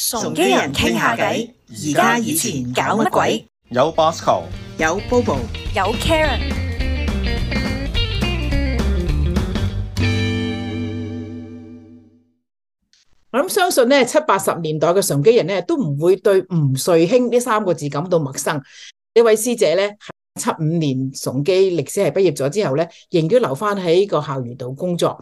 崇基人傾下偈，而家以前搞乜鬼？有 Bosco，有 Bobo，有 Karen。我諗相信咧，七八十年代嘅崇基人咧，都唔會對吳瑞卿呢三個字感到陌生。呢位師姐咧，喺七五年崇基歷史系畢業咗之後咧，仍然留翻喺個校園度工作。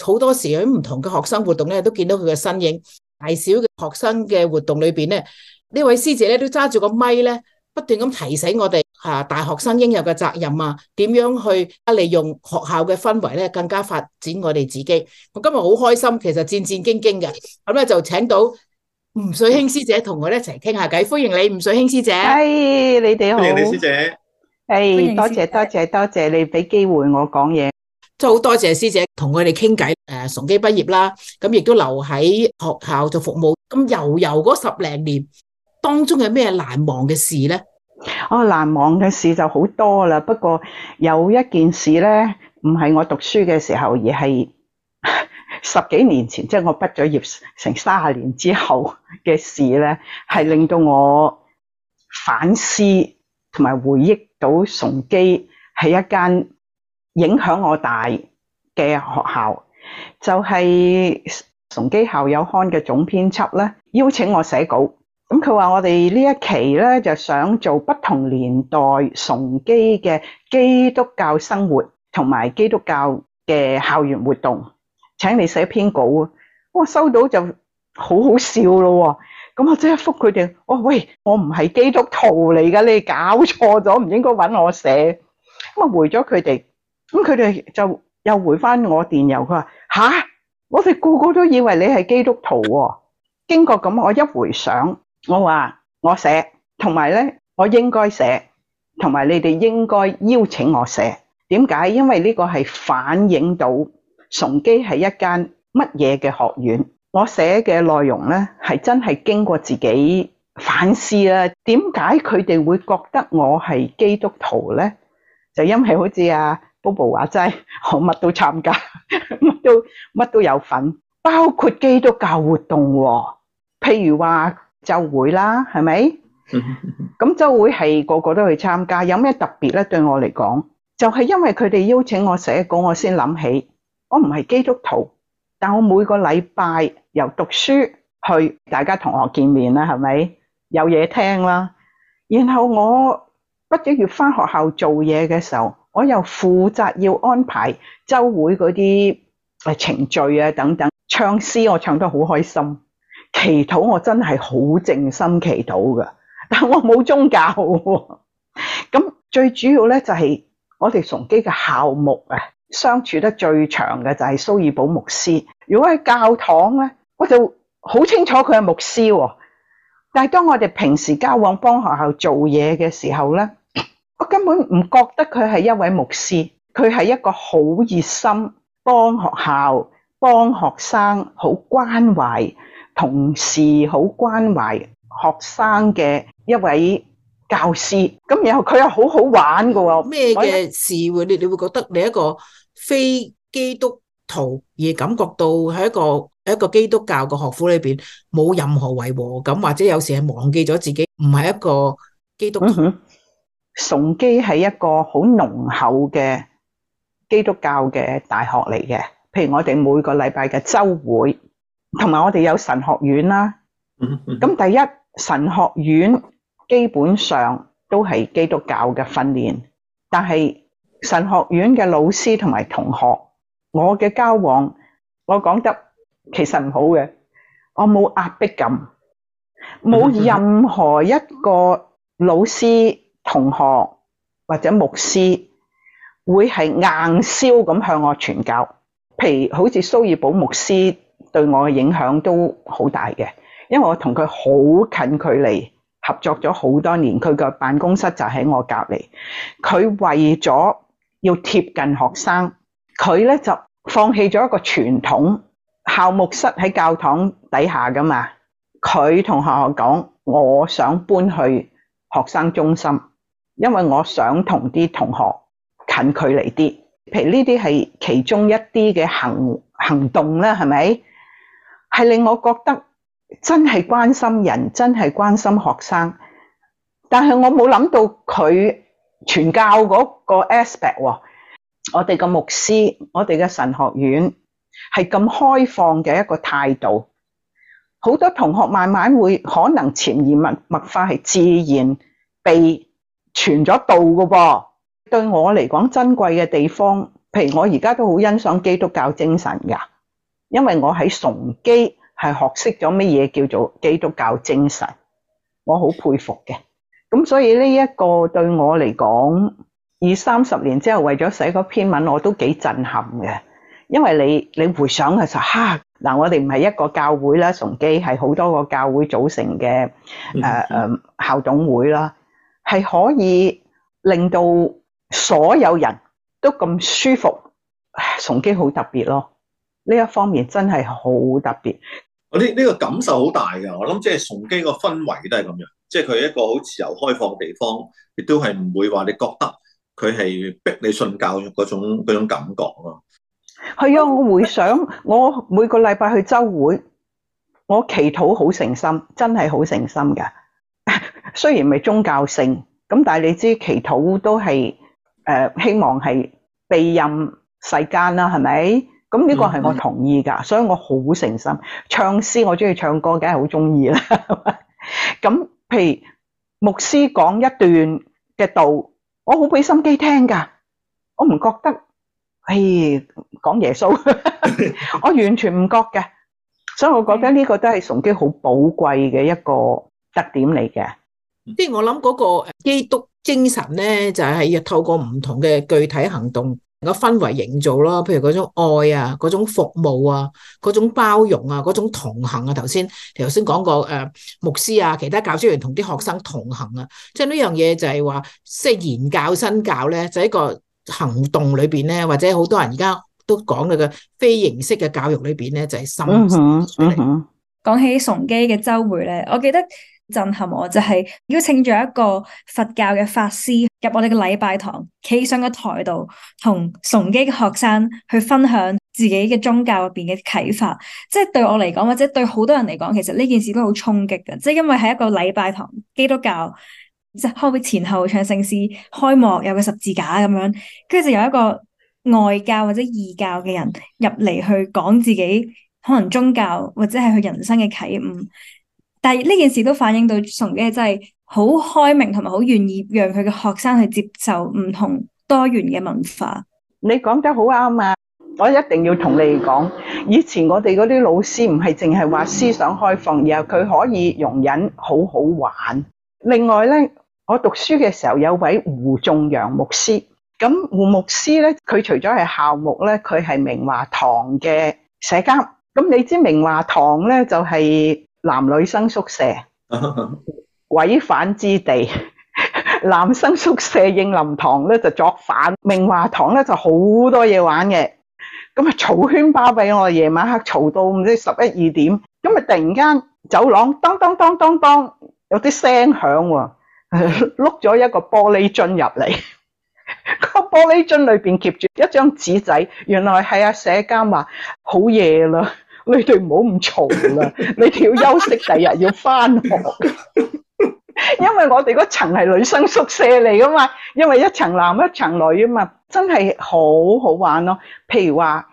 好多時喺唔同嘅學生活動咧，都見到佢嘅身影。大小嘅學生嘅活動裏邊咧，呢位師姐咧都揸住個咪咧，不斷咁提醒我哋吓大學生應有嘅責任啊，點樣去啊利用學校嘅氛圍咧，更加發展我哋自己。我今日好開心，其實戰戰兢兢嘅，咁咧就請到吳瑞卿師姐同我一齊傾下偈，歡迎你，吳瑞卿師姐。係、hey, 你哋好。歡迎你師姐。誒，多謝多謝多謝你俾機會我講嘢。真係好多謝師姐同我哋傾偈。誒，崇基畢業啦，咁亦都留喺學校做服務。咁悠悠嗰十零年，當中有咩難忘嘅事咧？哦，難忘嘅事就好多啦。不過有一件事咧，唔係我讀書嘅時候，而係十幾年前，即係我畢咗業成卅年之後嘅事咧，係令到我反思同埋回憶到崇基係一間影響我大嘅學校。就係崇基校友刊嘅總編輯咧，邀請我寫稿。咁佢話我哋呢一期咧，就想做不同年代崇基嘅基督教生活同埋基督教嘅校園活動，請你寫篇稿啊！我收到就好好笑咯。咁我即刻覆佢哋：哦喂，我唔係基督徒嚟噶，你搞錯咗，唔應該搵我寫。咁啊回咗佢哋。咁佢哋就又回返我電郵，佢話吓我哋個個都以為你係基督徒喎。經過咁，我一回想，我話我寫，同埋咧，我應該寫，同埋你哋應該邀請我寫。點解？因為呢個係反映到崇基係一間乜嘢嘅學院。我寫嘅內容咧，係真係經過自己反思呀。點解佢哋會覺得我係基督徒咧？就因係好似啊。嗰部話齋我乜都參加，乜都乜都有份，包括基督教活動，譬如話周會啦，係咪？咁周會係個個都去參加，有咩特別咧？對我嚟講，就係因為佢哋邀請我寫稿，我先諗起，我唔係基督徒，但我每個禮拜由讀書去大家同學見面啦，係咪？有嘢聽啦，然後我畢咗業翻學校做嘢嘅時候。我又負責要安排週會嗰啲程序啊等等，唱詩我唱得好開心，祈禱我真係好靜心祈禱嘅，但我冇宗教喎。咁最主要咧就係我哋崇基嘅校牧啊，相處得最長嘅就係蘇爾寶牧師。如果喺教堂咧，我就好清楚佢係牧師喎。但係當我哋平時交往幫學校做嘢嘅時候咧。我根本唔覺得佢係一位牧師，佢係一個好熱心幫學校、幫學生、好關懷同事、好關懷學生嘅一位教師。咁然後佢又好好玩噶，咩嘅事會你你會覺得你一個非基督徒而感覺到喺一個喺一個基督教嘅學府裏邊冇任何違和感，或者有時係忘記咗自己唔係一個基督徒。崇基係一個好濃厚嘅基督教嘅大學嚟嘅，譬如我哋每個禮拜嘅周會，同埋我哋有神學院啦。咁第一，神學院基本上都係基督教嘅訓練，但係神學院嘅老師同埋同學，我嘅交往，我講得其實唔好嘅，我冇壓迫感，冇任何一個老師同學或者牧師會係硬銷咁向我傳教，譬如好似蘇爾保牧師對我嘅影響都好大嘅，因為我同佢好近距離合作咗好多年，佢個辦公室就喺我隔離，佢為咗要貼近學生，佢咧就放棄咗一個傳統校牧室喺教堂底下噶嘛，佢同學校講，我想搬去學生中心。因為我想同啲同學近距離啲，譬如呢啲係其中一啲嘅行行動啦，係咪？係令我覺得真係關心人，真係關心學生。但係我冇諗到佢傳教嗰個 aspect，我哋嘅牧師，我哋嘅神學院係咁開放嘅一個態度，好多同學慢慢會可能潛移默默化，係自然被傳咗道㗎噃，對我嚟講珍貴嘅地方。譬如我而家都好欣賞基督教精神㗎，因為我喺崇基係學識咗乜嘢叫做基督教精神，我好佩服嘅。咁所以呢一個對我嚟講，二三十年之後為咗寫嗰篇文，我都幾震撼嘅。因為你你回想嘅時候，哈嗱，我哋唔係一個教會啦，崇基係好多個教會組成嘅誒誒校董會啦。係可以令到所有人都咁舒服，崇基好特別咯。呢一方面真係好特別。我呢呢個感受好大噶，我諗即係崇基個氛圍都係咁樣，即係佢係一個好自由開放嘅地方，亦都係唔會話你覺得佢係逼你信教嗰種嗰種感覺咯。係啊，我回想我每個禮拜去周會，我祈禱好誠心，真係好誠心嘅雖然唔係宗教性，咁但係你知，祈禱都係誒希望係庇蔭世間啦，係咪？咁呢個係我同意噶，所以我好誠心唱詩，我中意唱歌，梗係好中意啦。咁譬如牧師講一段嘅道，我好俾心機聽噶，我唔覺得誒講耶穌，我完全唔覺嘅，所以我覺得呢個都係崇基好寶貴嘅一個特點嚟嘅。即係我諗嗰個基督精神咧，就係、是、要透過唔同嘅具體行動個氛圍營造咯。譬如嗰種愛啊，嗰種服務啊，嗰種包容啊，嗰種同行啊。頭先頭先講過誒、呃，牧師啊，其他教職員同啲學生同行啊，即係呢樣嘢就係話，即係言教身教咧，就是、一個行動裏邊咧，或者好多人而家都講嘅嘅非形式嘅教育裏邊咧，就係、是、深入。講、嗯嗯、起崇基嘅周會咧，我記得。震撼我，就係邀請咗一個佛教嘅法師入我哋嘅禮拜堂，企上個台度，同崇基嘅學生去分享自己嘅宗教入邊嘅啟發。即係對我嚟講，或者對好多人嚟講，其實呢件事都好衝擊嘅。即係因為係一個禮拜堂，基督教即係開會前後唱聖詩，開幕有個十字架咁樣，跟住就有一個外教或者異教嘅人入嚟去講自己可能宗教或者係佢人生嘅啟悟。但係呢件事都反映到崇基真係好開明，同埋好願意讓佢嘅學生去接受唔同多元嘅文化。你講得好啱啊！我一定要同你講，以前我哋嗰啲老師唔係淨係話思想開放，然後佢可以容忍好好玩。另外咧，我讀書嘅時候有位胡仲陽牧師，咁胡牧師咧，佢除咗係校牧咧，佢係明華堂嘅社監。咁你知明華堂咧就係、是。男女生宿舍，鬼反之地。男生宿舍應林堂咧就作反，明華堂咧就好多嘢玩嘅。咁啊嘈喧巴閉，我夜晚黑嘈到唔知十一二點。咁啊突然間走廊當當當當當有啲聲響喎，碌咗一個玻璃樽入嚟。個玻璃樽裏邊夾住一張紙仔，原來係阿舍監話好夜啦。你哋唔好咁嘈啦！你哋要休息，第二日要返學。因為我哋嗰層係女生宿舍嚟噶嘛，因為一層男一層女啊嘛，真係好好玩咯。譬如話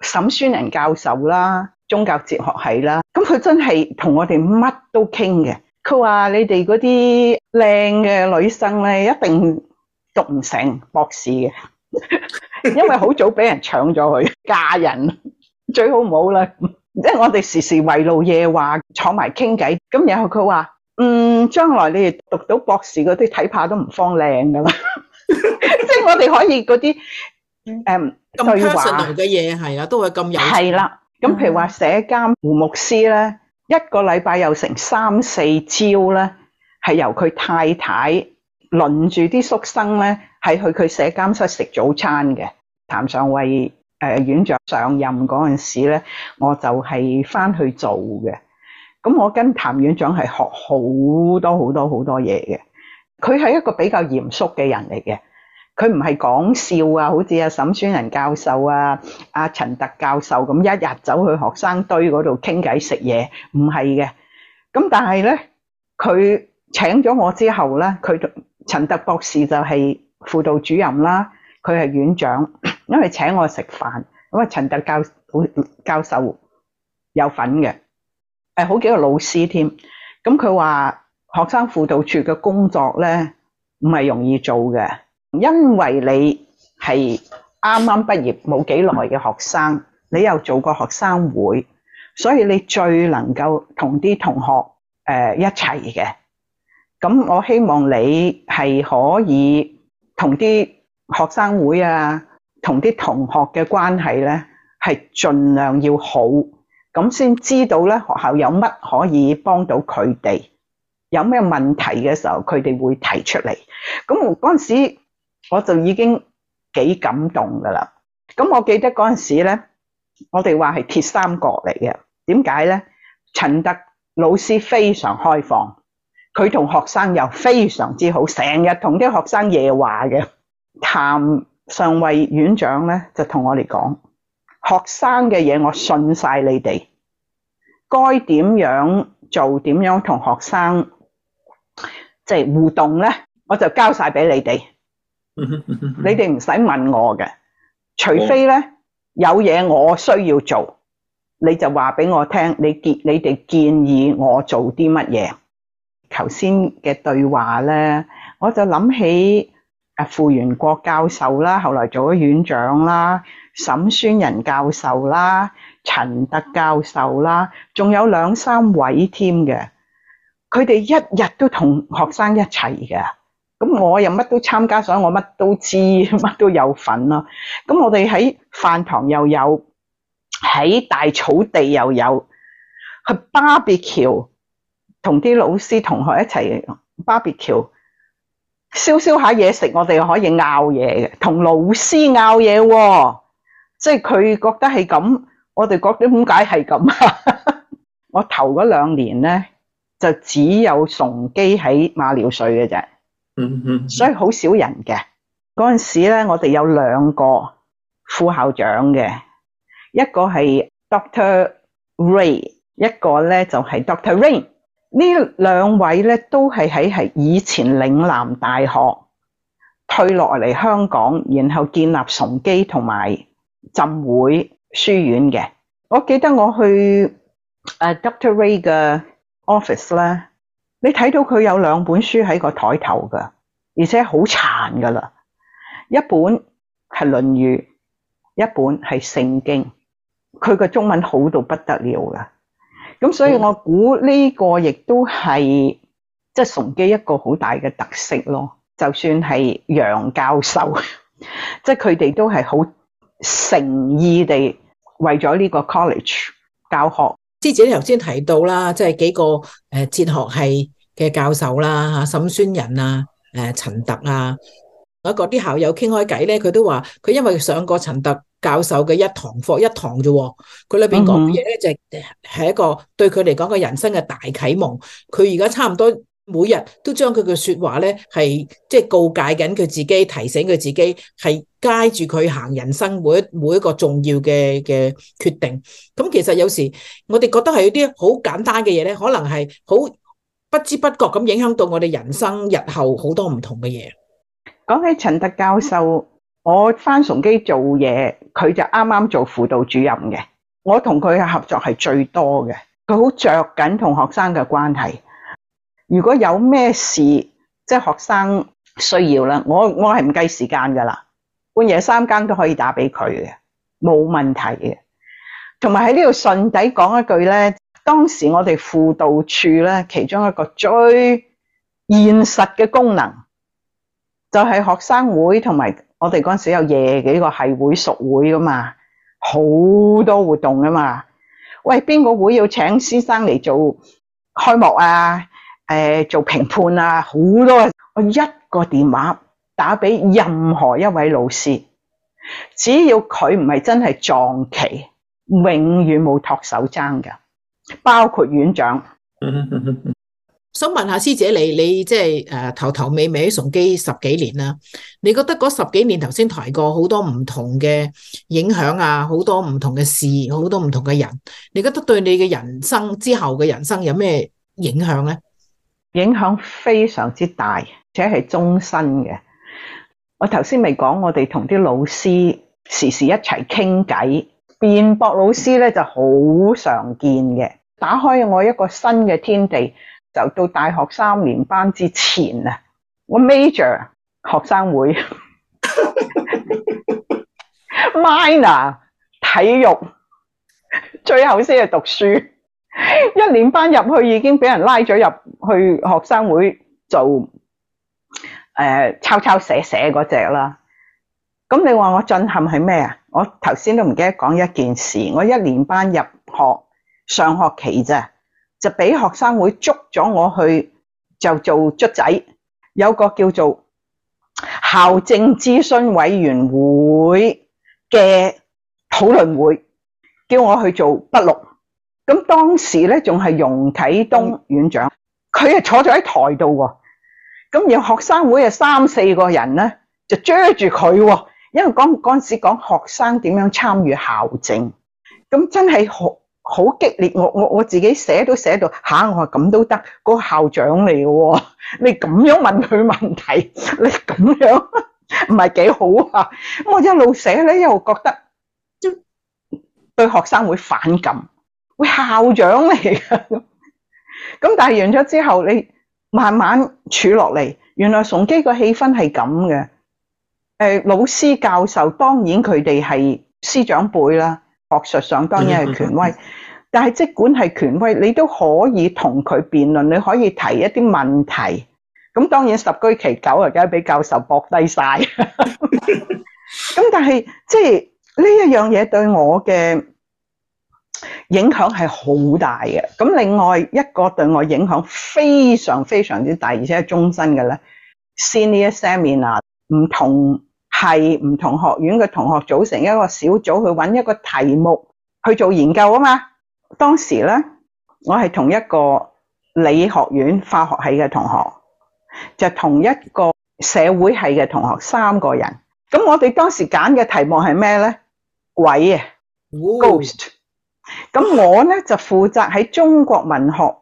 沈宣仁教授啦，宗教哲學系啦，咁佢真係同我哋乜都傾嘅。佢話你哋嗰啲靚嘅女生咧，一定讀唔成博士嘅，因為好早俾人搶咗佢嫁人。最好唔好啦，即係我哋時時圍爐夜話，坐埋傾偈。咁然後佢話：嗯，將來你哋讀到博士嗰啲睇怕都唔方靚噶啦。 即係我哋可以嗰啲誒咁 personal 嘅嘢係啊，都係咁有、啊。係、嗯、啦，咁譬如話，社監胡牧師咧，一個禮拜有成三四朝咧，係由佢太太輪住啲宿生咧，係去佢社監室食早餐嘅。譚上威。誒院長上任嗰陣時咧，我就係翻去做嘅。咁我跟譚院長係學好多好多好多嘢嘅。佢係一個比較嚴肅嘅人嚟嘅。佢唔係講笑啊，好似阿沈宣仁教授啊、阿陳特教授咁，一日走去學生堆嗰度傾偈食嘢，唔係嘅。咁但係咧，佢請咗我之後咧，佢陳特博士就係輔導主任啦，佢係院長。因為請我食飯，因為陳特教教授有份嘅，誒好幾個老師添。咁佢話學生輔導處嘅工作呢，唔係容易做嘅，因為你係啱啱畢業冇幾耐嘅學生，你又做過學生會，所以你最能夠同啲同學誒一齊嘅。咁我希望你係可以同啲學生會啊。同啲同學嘅關係咧，係盡量要好，咁先知道咧學校有乜可以幫到佢哋，有咩問題嘅時候佢哋會提出嚟。咁嗰陣時我就已經幾感動㗎喇。咁我記得嗰陣時咧，我哋話係鐵三角嚟嘅。點解咧？陳特老師非常開放，佢同學生又非常之好，成日同啲學生夜話嘅，談。上位院長咧就同我哋講，學生嘅嘢我信晒你哋，該點樣做點樣同學生即係互動咧，我就交晒俾你哋，你哋唔使問我嘅，除非咧有嘢我需要做，你就話俾我聽，你建你哋建議我做啲乜嘢。頭先嘅對話咧，我就諗起。誒，傅元國教授啦，後來做咗院長啦，沈宣仁教授啦，陳特教授啦，仲有兩三位添嘅，佢哋一日都同學生一齊嘅，咁我又乜都參加，所以我乜都知，乜都有份咯。咁我哋喺飯堂又有，喺大草地又有，去 barbecue 同啲老師同學一齊 barbecue。燒燒下嘢食我，我哋可以拗嘢嘅，同老師拗嘢，即係佢覺得係咁，我哋覺得點解係咁啊？我頭嗰兩年咧，就只有崇基喺馬料水嘅啫，所以好少人嘅。嗰陣時咧，我哋有兩個副校長嘅，一個係 Doctor Ray，一個咧就係、是、Doctor Rain。這兩呢兩位都係喺以前嶺南大學退落嚟香港，然後建立崇基同埋浸會書院嘅。我記得我去誒 Dr. Ray 嘅 office 呢，你睇到佢有兩本書喺個台頭㗎，而且好殘㗎喇。一本係《論語》，一本係《聖經》，佢嘅中文好到不得了㗎。咁所以我這，我估呢個亦都係即係崇基一個好大嘅特色咯。就算係楊教授，即係佢哋都係好誠意地為咗呢個 college 教學。師姐頭先提到啦，即係幾個誒哲學系嘅教授啦，嚇沈宣仁啊、誒陳特啊，我嗰啲校友傾開偈咧，佢都話佢因為上過陳特，教授嘅一堂課一堂啫，佢裏邊講嘅嘢咧，就係一個對佢嚟講嘅人生嘅大啟蒙。佢而家差唔多每日都將佢嘅說話咧，係即係告誡緊佢自己，提醒佢自己，係街住佢行人生每一每一個重要嘅嘅決定。咁其實有時我哋覺得係有啲好簡單嘅嘢咧，可能係好不知不覺咁影響到我哋人生日後好多唔同嘅嘢。講起陳特教授，我返崇基做嘢。佢就啱啱做輔導主任嘅，我同佢嘅合作係最多嘅。佢好着緊同學生嘅關係。如果有咩事，即係學生需要啦，我我係唔計時間噶啦，半夜三更都可以打畀佢嘅，冇問題嘅。同埋喺呢度順帶講一句咧，當時我哋輔導處咧，其中一個最現實嘅功能，就係、是、學生會同埋。我哋嗰陣時有夜幾個系會熟會噶嘛，好多活動噶嘛。喂，邊個會要請先生嚟做開幕啊？誒、呃，做評判啊，好多。我一個電話打俾任何一位老師，只要佢唔係真係撞期，永遠冇托手踭噶，包括院長。 想問下師姐你，你即係誒頭頭尾尾喺崇基十幾年啦。你覺得嗰十幾年頭先提過好多唔同嘅影響啊，好多唔同嘅事，好多唔同嘅人。你覺得對你嘅人生之後嘅人生有咩影響呢？影響非常之大，且係終身嘅。我頭先咪講，我哋同啲老師時時一齊傾偈，辯駁老師咧就好常見嘅，打開我一個新嘅天地。就到大學三年班之前啊，我 major 學生會 ，minor 體育，最後先係讀書。一年班入去已經俾人拉咗入去學生會做誒、呃、抄抄寫寫嗰隻啦。咁你話我震撼係咩啊？我頭先都唔記得講一件事，我一年班入學上學期啫。就俾學生會捉咗我去，就做卒仔。有個叫做校政諮詢委員會嘅討論會，叫我去做筆錄。咁當時咧仲係容啟東院長，佢係坐咗喺台度喎。咁然後學生會啊三四個人咧就遮住佢，因為講嗰陣時講學生點樣參與校政，咁真係好。好激烈，我我我自己寫都寫到吓、啊，我話咁都得，個校長嚟嘅，你咁樣問佢問題，你咁樣唔係幾好啊？咁我一路寫咧，又覺得對學生會反感，會、欸、校長嚟嘅。咁但係完咗之後，你慢慢處落嚟，原來崇基個氣氛係咁嘅。誒、呃，老師教授當然佢哋係師長輩啦。學術上當然係權威，但係即管係權威，你都可以同佢辯論，你可以提一啲問題。咁當然十居其九啊，梗係俾教授駁低晒。咁 但係即係呢一樣嘢對我嘅影響係好大嘅。咁另外一個對我影響非常非常之大，而且係終身嘅咧，Senior Seminar 唔同。係唔同學院嘅同學組成一個小組去揾一個題目去做研究啊嘛。當時咧，我係同一個理學院化學系嘅同學，就同一個社會系嘅同學三個人。咁我哋當時揀嘅題目係咩咧？鬼啊，ghost。咁我咧就負責喺中國文學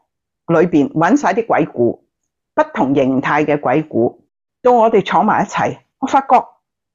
裏邊揾晒啲鬼故，不同形態嘅鬼故，到我哋坐埋一齊，我發覺。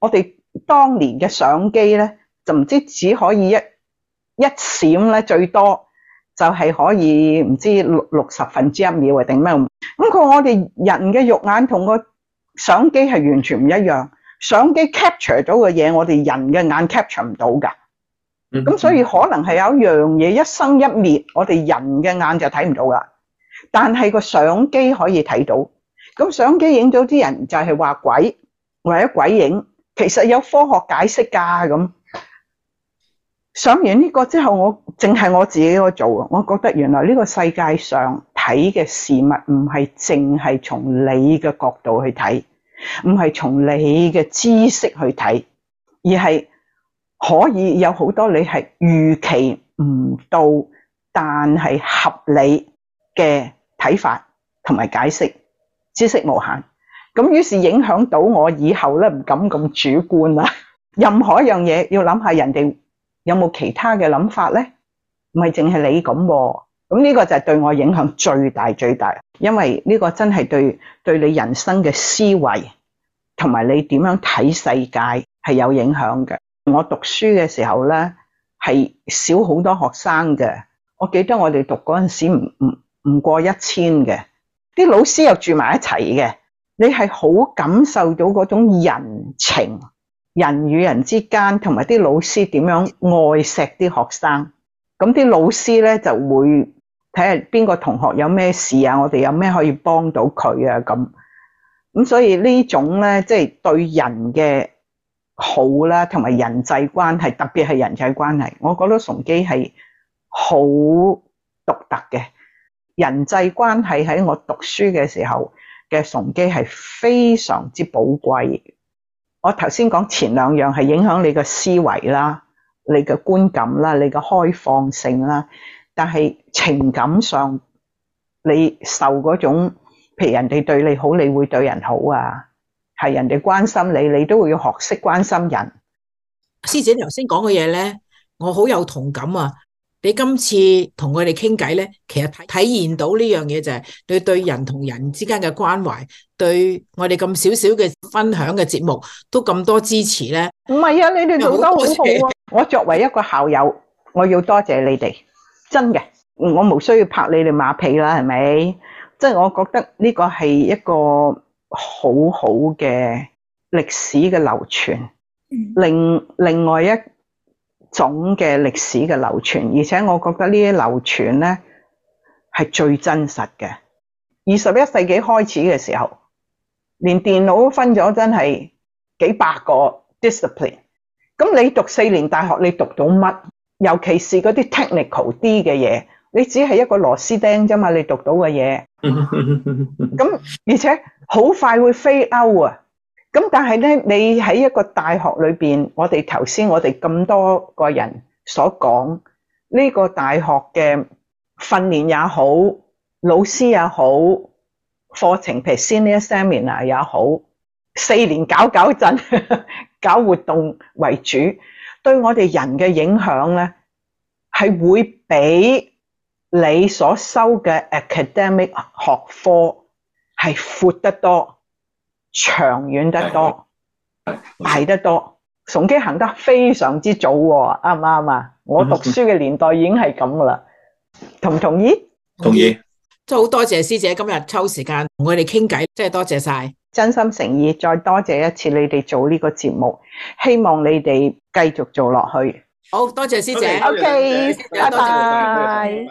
我哋當年嘅相機咧，就唔知只可以一一閃咧，最多就係可以唔知六六十分之一秒定咩咁。咁佢、那個、我哋人嘅肉眼同個相機係完全唔一樣，相機 capture 到嘅嘢，我哋人嘅眼 capture 唔到噶。咁所以可能係有一樣嘢，一生一滅，我哋人嘅眼就睇唔到噶，但係個相機可以睇到。咁相機影到啲人就係話鬼或者鬼影。其實有科學解釋㗎。咁，上完呢個之後我，我淨係我自己一個做。我覺得原來呢個世界上睇嘅事物唔係淨係從你嘅角度去睇，唔係從你嘅知識去睇，而係可以有好多你係預期唔到，但係合理嘅睇法同埋解釋，知識無限。咁於是影響到我以後咧，唔敢咁主觀啦。 任何一樣嘢要諗下人哋有冇其他嘅諗法咧，唔係淨係你咁。咁呢個就係對我影響最大最大，因為呢個真係對，對你人生嘅思維同埋你點樣睇世界係有影響嘅。我讀書嘅時候咧，係少好多學生嘅。我記得我哋讀嗰陣時唔唔過一千嘅，啲老師又住埋一齊嘅。你係好感受到嗰種人情，人與人之間，同埋啲老師點樣愛錫啲學生，咁啲老師咧就會睇下邊個同學有咩事啊，我哋有咩可以幫到佢啊咁。咁所以呢種咧，即係對人嘅好啦，同埋人際關係，特別係人際關係，我覺得崇基係好獨特嘅人際關係。喺我讀書嘅時候。嘅崇基係非常之寶貴。我頭先講前兩樣係影響你嘅思維啦、你嘅觀感啦、你嘅開放性啦，但係情感上你受嗰種，譬如人哋對你好，你會對人好啊。係人哋關心你，你都會要學識關心人。師姐頭先講嘅嘢咧，我好有同感啊。你今次同我哋傾偈咧，其實體體現到呢樣嘢就係你對人同人之間嘅關懷，對我哋咁少少嘅分享嘅節目都咁多支持咧。唔係啊，你哋做得好好啊，謝謝！我作為一個校友，我要多謝，謝你哋，真嘅。我冇需要拍你哋馬屁啦，係咪？即係我覺得呢個係一個好好嘅歷史嘅流傳，嗯。另另外一。總嘅歷史嘅流傳，而且我覺得呢啲流傳咧，係最真實嘅。二十一世紀開始嘅時候，連電腦都分咗真係幾百個 discipline。咁你讀四年大學，你讀到乜？尤其是嗰啲 technical 啲嘅嘢，你只係一個螺絲釘啫嘛。你讀到嘅嘢，咁而且好快會 fade out 啊！咁但係咧，你喺一個大學裏邊，我哋頭先我哋咁多個人所講，呢個大學嘅訓練也好，老師也好，課程譬如 Senior Seminar 也好，四年搞搞陣搞活動為主，對我哋人嘅影響咧，係會比你所修嘅 academic 學科係闊得多。長遠得多，大、啊、得多，崇基行得非常之早喎、哦，啱唔啱啊、嗯？我讀書嘅年代已經係咁啦，同唔同意？同意。真係好多謝師姐今日抽時間同我哋傾偈，真係多謝晒，真心誠意再多謝一次你哋，做呢個節目，希望你哋繼續做落去。好多謝，謝師姐，OK，師姐，拜拜。